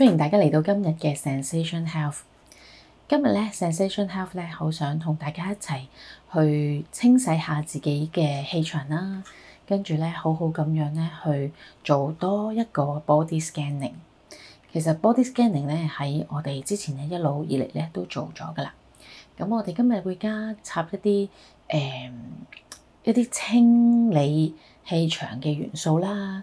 歡迎大家嚟到今日嘅 Zensation Health。今日咧 Zensation Health 咧好想同大家一齊去清洗下自己嘅氣場啦，跟住咧好好咁樣咧去做多一個 body scanning。其實 body scanning 咧喺我哋之前咧一路以嚟咧都做咗㗎喇。咁我哋今日會加插一啲誒、呃、一啲清理氣場嘅元素啦。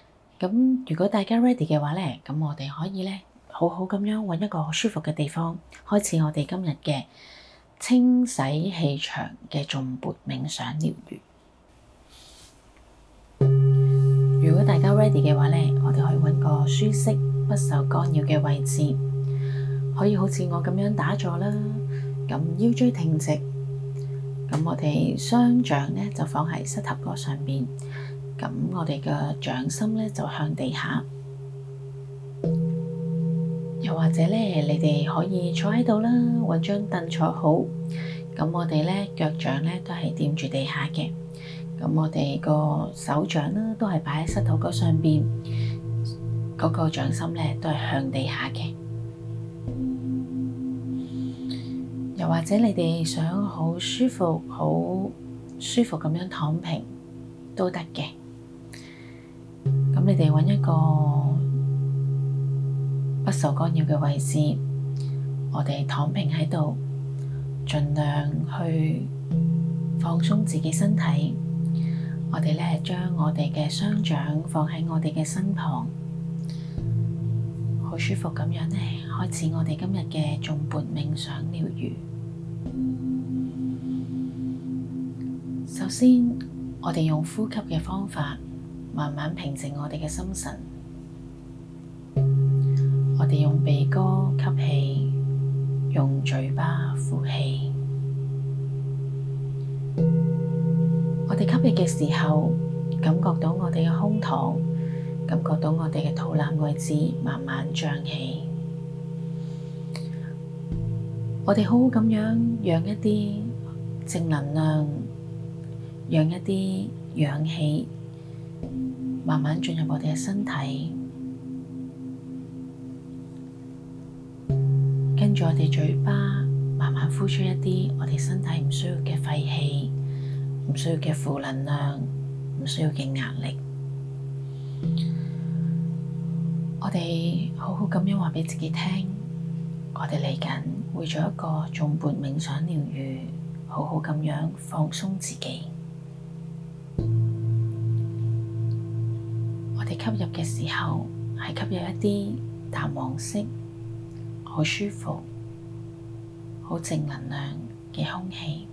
咁如果大家 ready 嘅話咧，咁我哋可以咧好好咁樣揾一個舒服嘅地方，開始我哋今日嘅清洗氣場嘅頌缽冥想療癒。 如果大家 ready 嘅話咧，我哋可以揾個舒適、不受干擾嘅位置，可以好似我咁樣打坐啦。咁腰椎挺直，咁我哋雙掌咧就放喺膝頭哥上邊。咁我哋嘅掌心咧就向地下，又或者咧，你哋可以坐喺度啦，揾張凳坐好。咁我哋咧腳掌咧都係掂住地下嘅。咁我哋個手掌咧，都係擺喺膝頭哥上邊，嗰個掌心咧都係向地下嘅。又或者你哋想好舒服、好舒服咁樣躺平都得嘅。咁你哋揾一個不受干擾嘅位置，我哋躺平喺度，盡量去放鬆自己身體。我哋咧將我哋嘅雙掌放喺我哋嘅身旁，好舒服咁樣咧，開始我哋今日嘅頌缽冥想療愈。首先，我哋用呼吸嘅方法。慢慢平靜我哋嘅心神，我哋用鼻哥吸氣，用嘴巴呼氣。我哋吸氣嘅時候，感覺到我哋嘅胸膛，感覺到我哋嘅肚腩位置慢慢漲起。我哋好好咁樣養一啲正能量，養一啲氧氣。慢慢進入我哋嘅身體，跟住我哋嘴巴慢慢呼出一啲我哋身體唔需要嘅廢氣、唔需要嘅負能量、唔需要嘅壓力。我哋好好咁樣話俾自己聽，我哋嚟緊會做一個頌缽冥想療癒，好好咁樣放鬆自己。吸入嘅時候係吸入一啲淡黃色，好舒服、好正能量嘅空氣。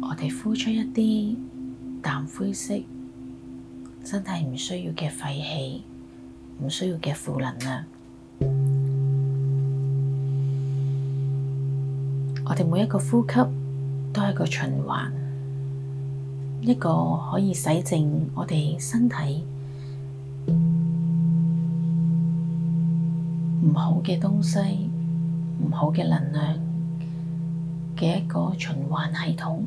我哋呼出一啲淡灰色，身體唔需要嘅廢氣，唔需要嘅負能量。我哋每一個呼吸都係一個循環。一個可以洗淨我哋身體唔好嘅東西、唔好嘅能量嘅一個循環系統。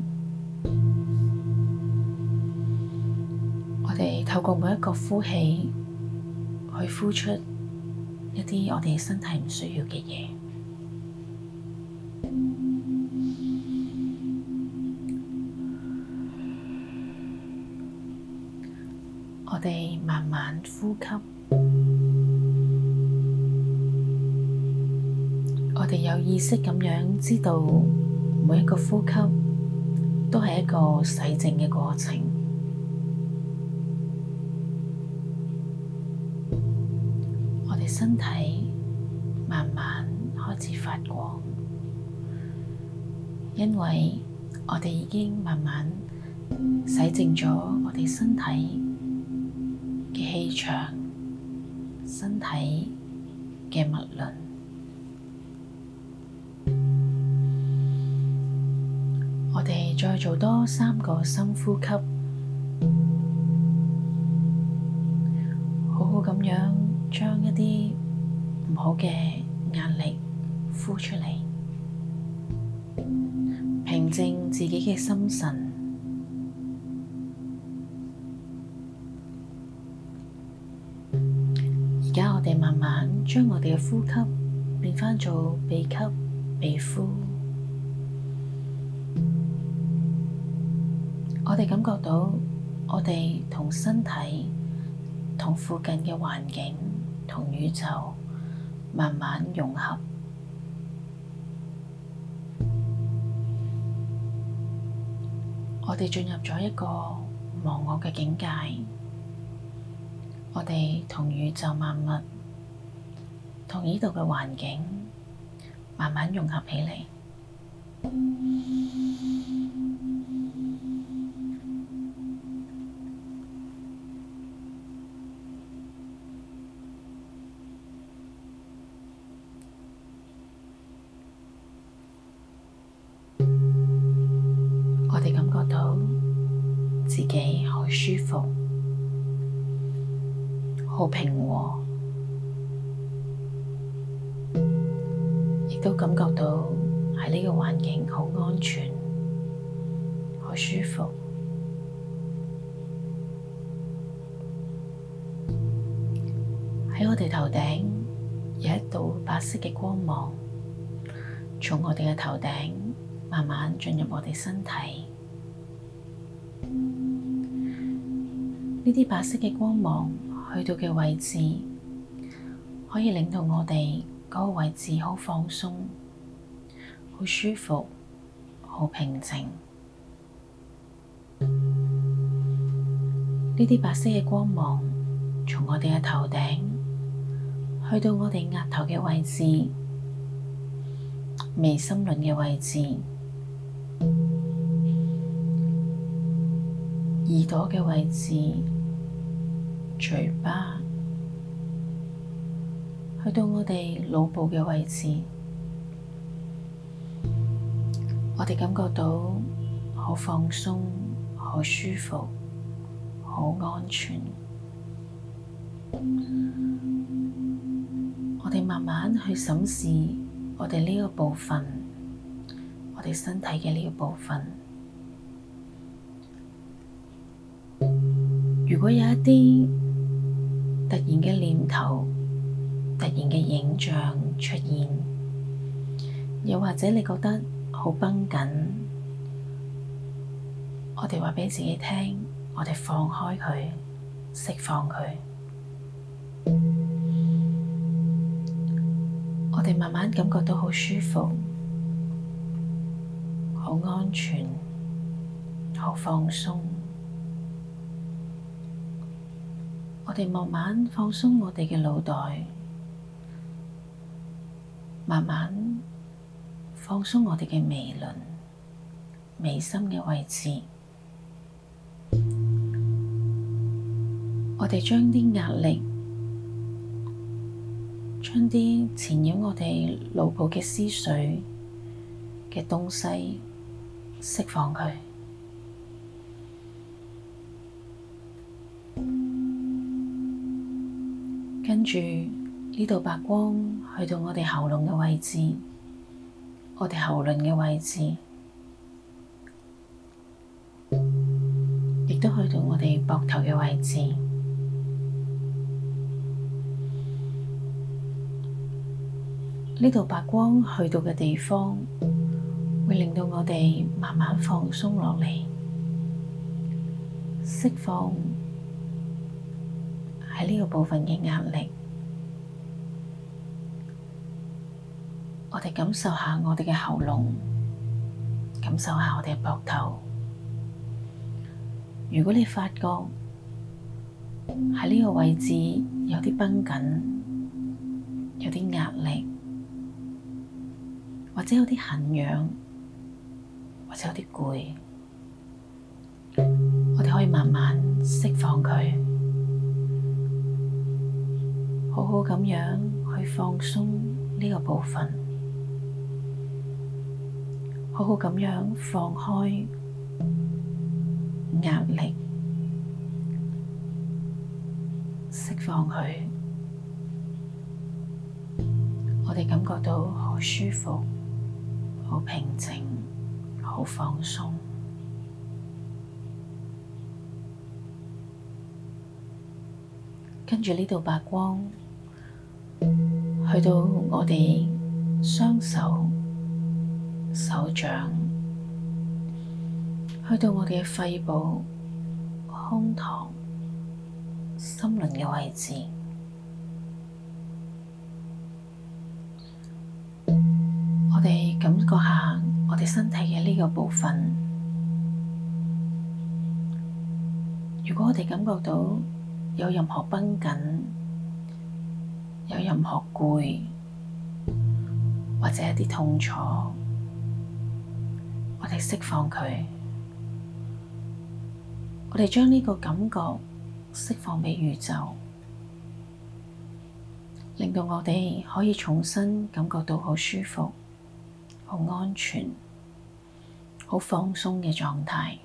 我哋透過每一個呼氣，去呼出一啲我哋身體唔需要嘅嘢。慢慢呼吸，我哋有意識咁樣知道，每一個呼吸都係一個洗淨嘅過程。我哋身體慢慢開始發光，因為我哋已經慢慢洗淨咗我哋身體。氣場身體嘅脈輪，我哋再做多三個深呼吸，好好咁樣將一啲唔好嘅壓力呼出嚟，平靜自己嘅心神。我哋慢慢將我哋嘅呼吸變翻做鼻吸鼻呼，我哋感覺到我哋同身體、同附近嘅環境、同宇宙慢慢融合，我哋進入咗一個忘我嘅境界。我哋同宇宙萬物，同呢度嘅環境慢慢融合起嚟。我哋感覺到自己好舒服。好平和，亦都感覺到喺呢個環境好安全、好舒服。喺我哋頭頂有一道白色嘅光芒，從我哋嘅頭頂慢慢進入我哋身體。呢啲白色嘅光芒。去到嘅位置，可以令到我哋嗰個位置好放鬆、好舒服、好平靜。呢啲白色嘅光芒從我哋嘅頭頂去到我哋額頭嘅位置、眉心輪嘅位置、耳朵嘅位置。嘴巴，去到我哋腦部嘅位置，我哋感覺到好放鬆、好舒服、好安全。我哋慢慢去審視我哋呢個部分，我哋身體嘅呢個部分，如果有一啲突然嘅念頭，突然嘅影像出現，又或者你覺得好繃緊，我哋話畀自己聽，我哋放開佢，釋放佢，我哋慢慢感覺到好舒服，好安全，好放鬆。我哋慢慢放鬆我哋嘅腦袋，慢慢放鬆我哋嘅眉輪、眉心嘅位置。我哋將啲壓力、將啲纏繞我哋腦部嘅思緒嘅東西釋放佢。跟住呢度白光去到我哋喉嚨嘅位置，我哋喉輪嘅位置，亦都去到我哋膊頭嘅位置。呢度白光去到嘅地方，會令到我哋慢慢放鬆落嚟，釋放。喺呢個部分嘅壓力，我哋感受下我哋嘅喉嚨，感受下我哋嘅膊頭。如果你發覺喺呢個位置有啲繃緊，有啲壓力，或者有啲痕癢，或者有啲攰，我哋可以慢慢釋放佢。好好咁樣去放鬆呢個部分，好好咁樣放開壓力，釋放佢。我哋感覺到好舒服，好平靜，好放鬆。跟住呢度白光。去到我哋雙手手掌，去到我哋嘅肺部、胸膛、心輪嘅位置， 我哋感覺下我哋身體嘅呢個部分。如果我哋感覺到有任何繃緊。有任何攰，或者一啲痛楚，我哋釋放佢，我哋將呢個感覺釋放俾宇宙，令到我哋可以重新感覺到好舒服、好安全、好放鬆嘅狀態。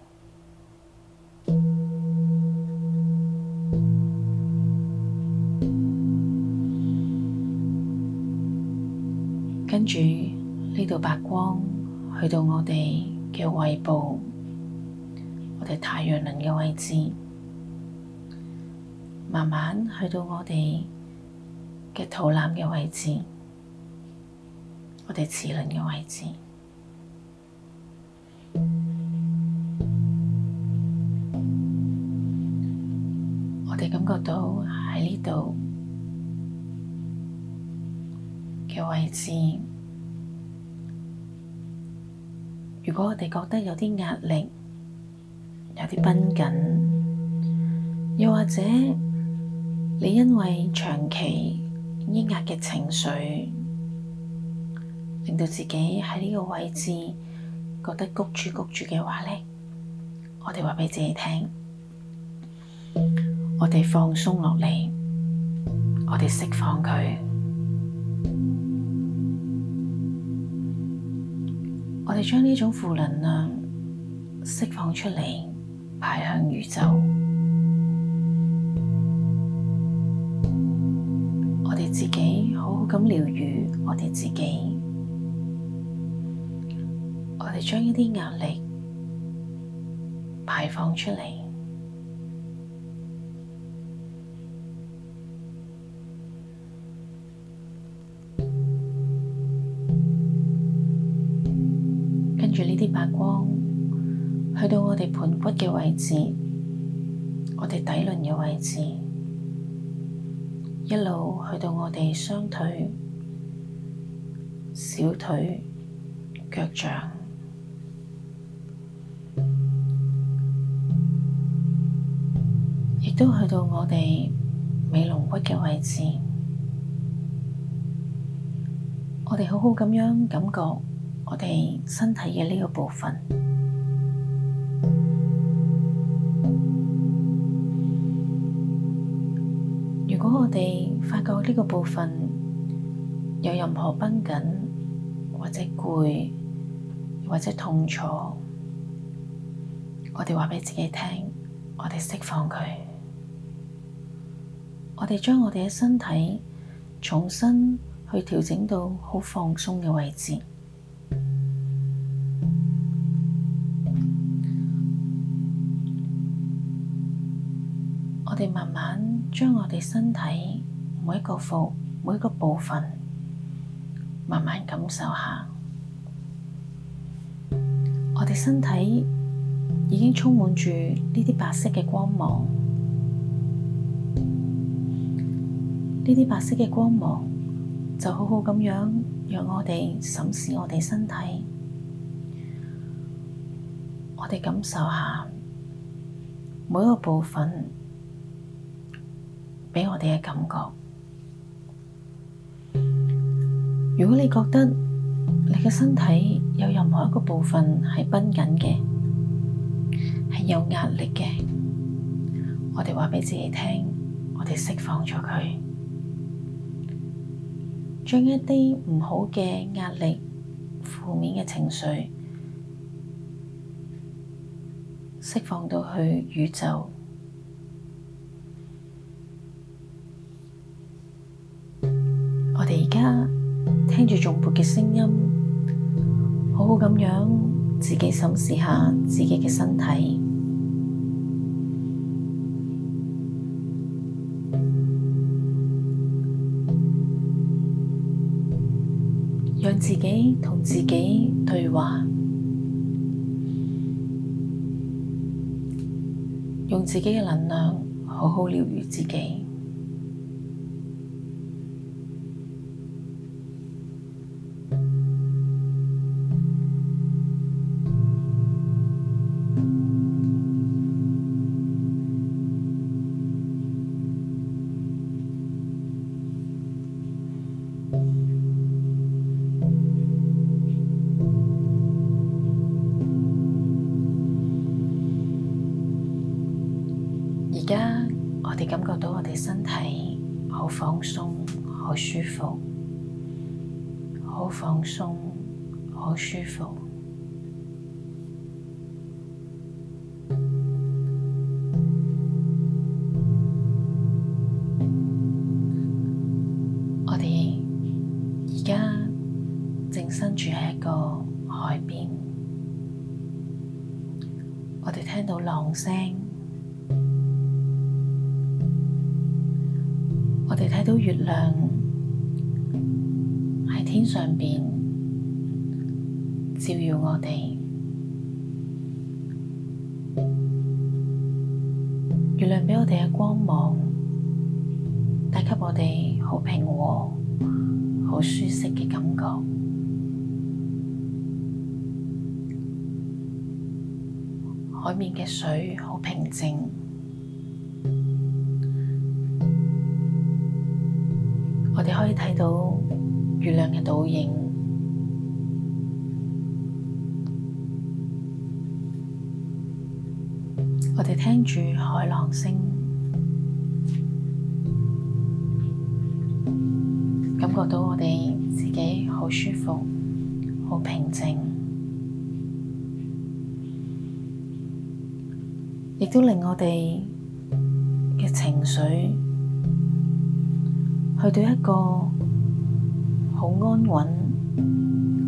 跟住呢度白光去到我哋嘅胃部，我哋太陽輪嘅位置，慢慢去到我哋嘅肚腩嘅位置，我哋臍輪嘅位置，我哋感覺到喺呢度。嘅位置，如果我哋覺得有啲壓力，有啲繃緊，又或者你因為長期抑壓嘅情緒，令到自己喺呢個位置覺得谷住谷住嘅話咧，我哋話畀自己聽，我哋放鬆落嚟，我哋釋放佢。我哋將呢種負能量釋放出嚟，排向宇宙。我哋自己好好咁療癒我哋自己，我哋將一啲壓力排放出嚟。骨嘅位置，我哋底輪嘅位置，一路去到我哋雙腿、小腿、腳掌，亦都去到我哋尾龍骨嘅位置。我哋好好咁樣感覺我哋身體嘅呢個部分。如果我哋發覺呢個部分有任何繃緊或者攰或者痛楚，我哋話畀自己聽，我哋釋放佢，我哋將我哋嘅身體重新去調整到好放鬆嘅位置。我哋慢慢將我哋身體每一個服每一個部分慢慢感受下，我哋身體已經充滿住呢啲白色嘅光芒，呢啲白色嘅光芒就好好咁樣讓我哋審視我哋身體，我哋感受下每一個部分。畀我哋嘅感覺。如果你覺得你嘅身體有任何一個部分係繃緊嘅，係有壓力嘅，我哋話畀自己聽，我哋釋放咗佢，將一啲唔好嘅壓力、負面嘅情緒釋放到去宇宙。而家聽住頌缽嘅聲音，好好咁樣自己審視下自己嘅身體，讓自己同自己對話，用自己嘅能量好好療癒自己。放鬆，好舒服，好放鬆，好舒服 我哋而家正身住喺一個海邊，我哋聽到浪聲。月亮喺天上邊照耀我哋，月亮畀我哋嘅光芒帶給我哋好平和、好舒適嘅感覺。海面嘅水好平靜。我哋可以睇到月亮嘅倒影，我哋聽住海浪聲，感覺到我哋自己好舒服、好平靜，亦都令我哋嘅情緒。去到一個好安穩、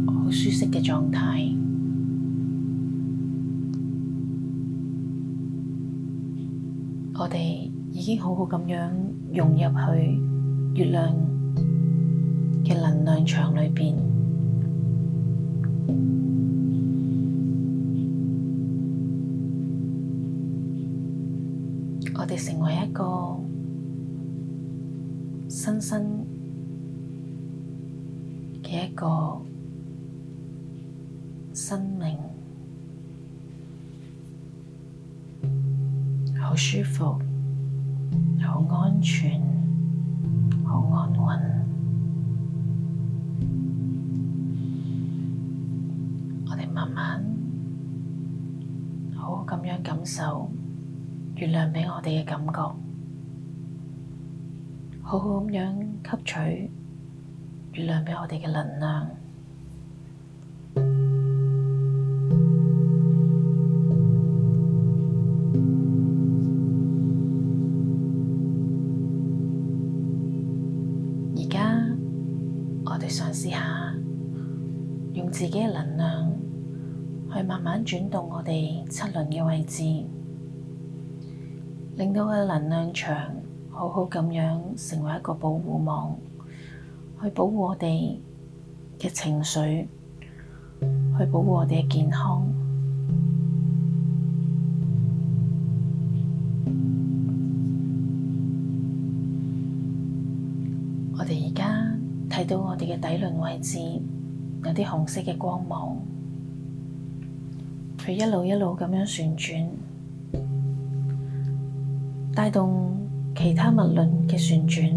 好舒適嘅狀態，我哋已經好好咁樣融入去月亮嘅能量場裏面，我哋成為一個。新生嘅一個生命，好舒服，好安全，好安穩。我哋慢慢好好咁樣感受月亮俾我哋嘅感覺。好好咁樣吸取月亮畀我哋嘅能量。而家我哋嘗試下用自己嘅能量去慢慢轉動我哋七輪嘅位置，令到我哋嘅能量場。好好咁樣成為一個保護網，去保護我哋嘅情緒，去保護我哋嘅健康。 我哋而家睇到我哋嘅底輪位置，有啲紅色嘅光芒，佢一路一路咁樣旋轉，帶動。其他物輪嘅旋轉，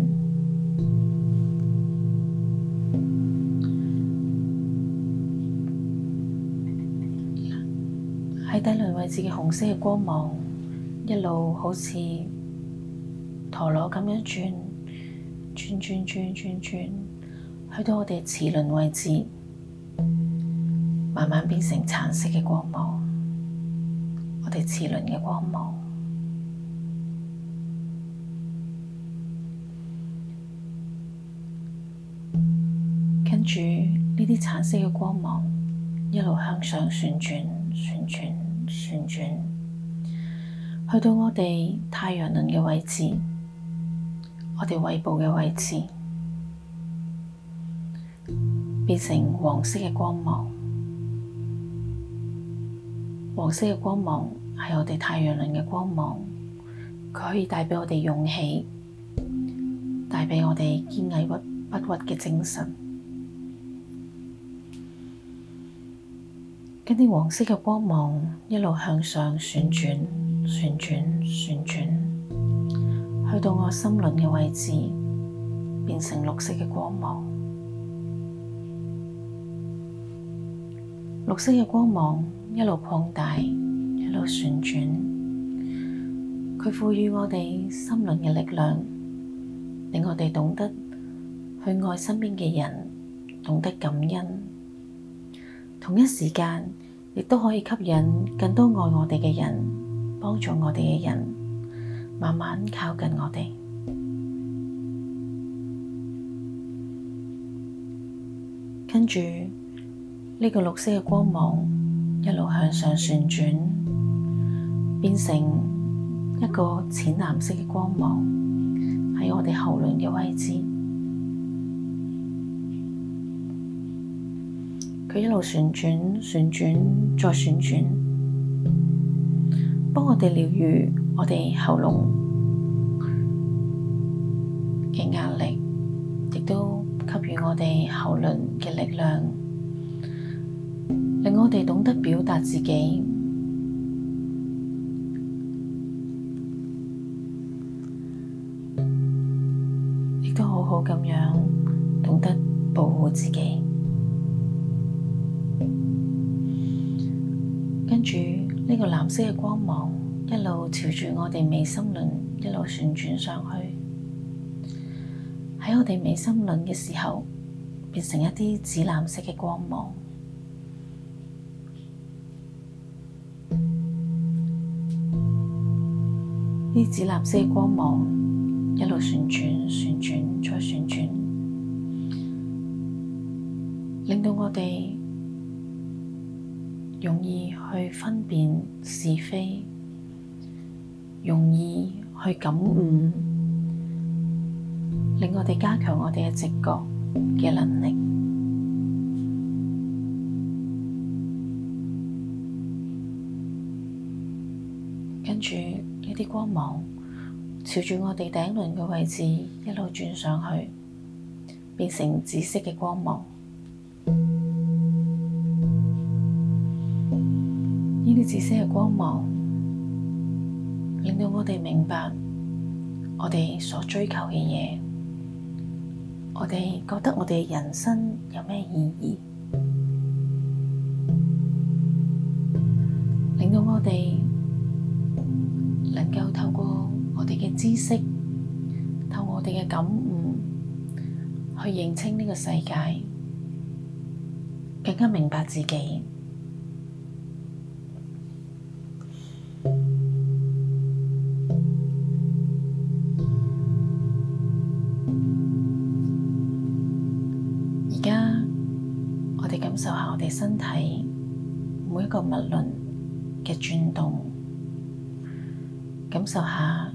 喺底輪位置嘅紅色嘅光芒，一路好似陀螺咁樣轉，轉轉轉轉轉，去到我哋臍輪位置，慢慢變成橙色嘅光芒，我哋臍輪嘅光芒。住呢啲橙色嘅光芒，一路向上旋轉、旋轉、旋轉，去到我哋太陽輪嘅位置，我哋胃部嘅位置，變成黃色嘅光芒。黃色嘅光芒係我哋太陽輪嘅光芒，佢可以帶畀我哋勇氣，帶畀我哋堅毅不屈嘅精神。跟啲黃色嘅光芒一路向上旋轉、旋轉、旋轉，去到我心輪嘅位置，變成綠色嘅光芒。綠色嘅光芒一路擴大，一路旋轉，佢賦予我哋心輪嘅力量，令我哋懂得去愛身邊嘅人，懂得感恩。同一時間，亦都可以吸引更多愛我哋嘅人，幫助我哋嘅人，慢慢靠近我哋。跟住呢個綠色嘅光芒一路向上旋轉，變成一個淺藍色嘅光芒喺我哋喉輪嘅位置。一路旋轉，旋轉，再旋轉，幫我哋療癒我哋喉嚨嘅壓力，亦都給予我哋喉輪嘅力量，令我哋懂得表達自己。色光芒一路朝住我哋眉心輪一路旋轉上去，喺我哋眉心輪嘅時候，變成一啲紫藍色嘅光芒。呢紫藍色嘅光芒一路旋轉、旋轉再旋轉，令到我哋。容易去分辨是非，容易去感悟，令我哋加強我哋嘅直覺嘅能力。跟住，呢啲光芒，朝住我哋頂輪嘅位置一路轉上去，變成紫色嘅光芒。呢啲紫色嘅光芒，令到我哋明白我哋所追求嘅嘢，我哋覺得我哋人生有咩意義，令到我哋能夠透過我哋嘅知識，透過我哋嘅感悟，去認清呢個世界，更加明白自己。身體每一個脈輪嘅轉動，感受下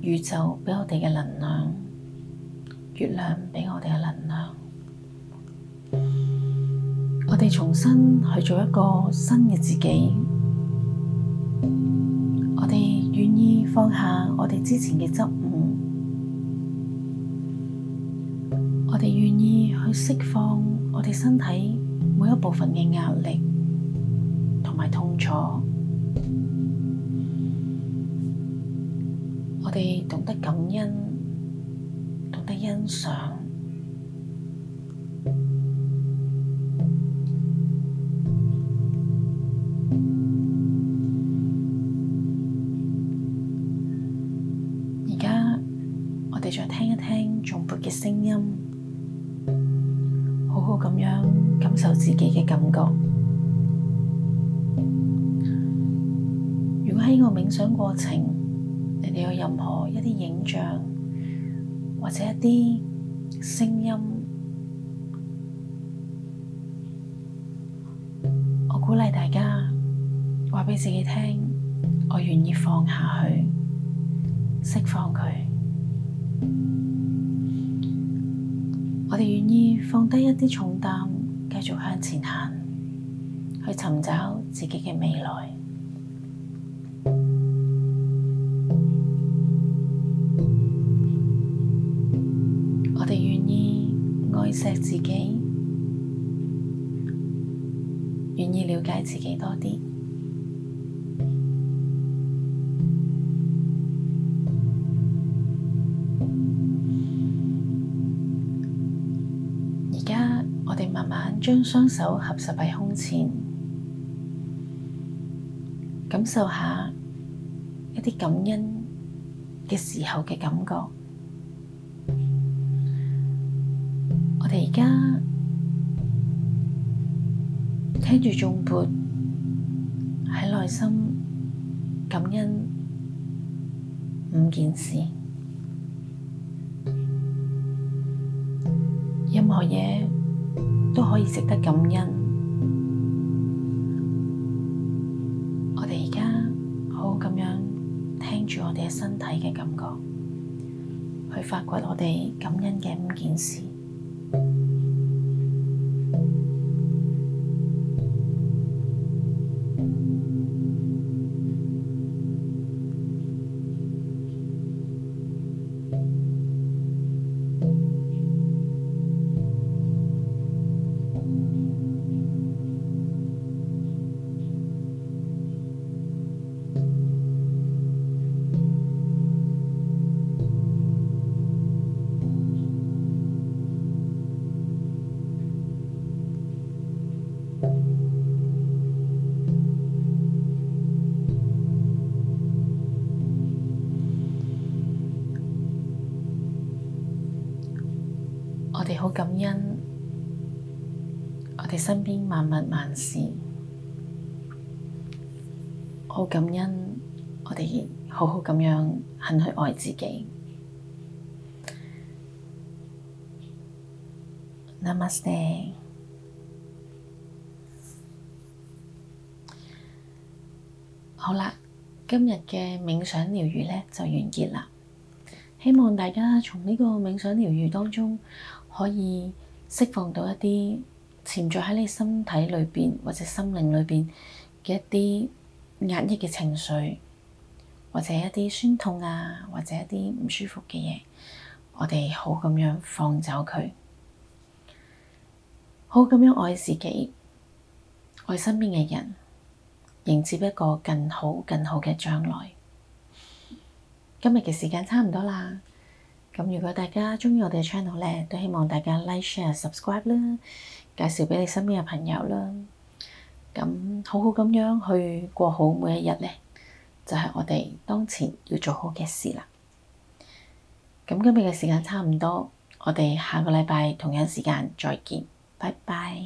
宇宙畀我哋嘅能量，月亮畀我哋嘅能量，我哋重新去做一個新嘅自己。我哋願意放下我哋之前嘅執誤，我哋願意去釋放我哋身體。每一部分嘅壓力同埋痛楚，我哋懂得感恩，懂得欣賞。冥想過程，你哋有任何一啲影像或者一啲聲音，我鼓勵大家話俾自己聽，我願意放下去，釋放佢。我哋願意放低一啲重擔，繼續向前行，去尋找自己嘅未來。錫自己，願意了解自己多啲。而家我哋慢慢將雙手合十喺胸前，感受下一啲感恩嘅時候嘅感覺。我哋而家聽住頌缽，喺內心感恩五件事，任何嘢都可以值得感恩。我哋而家好好咁樣聽住我哋身體嘅感覺，去發掘我哋感恩嘅五件事。感恩我哋身邊萬物萬事，好感恩我哋好好咁樣肯去愛自己。Namaste。好啦，今日嘅冥想療癒呢就完結啦。希望大家從呢個冥想療癒當中，可以釋放到一啲潛在喺你身體裏邊或者心靈裏邊嘅一啲壓抑嘅情緒，或者一啲酸痛啊，或者一啲唔舒服嘅嘢，我哋好咁樣放走佢，好咁樣愛自己，愛身邊嘅人，迎接一個更好更好嘅將來。今日嘅時間差唔多啦。咁如果大家鍾意我哋嘅 channel 咧，都希望大家 like、share、subscribe 啦，介紹畀你身邊嘅朋友啦。咁好好咁樣去過好每一日咧，就係我哋當前要做好嘅事啦。咁今日嘅時間差唔多，我哋下個禮拜同樣時間再見，拜拜。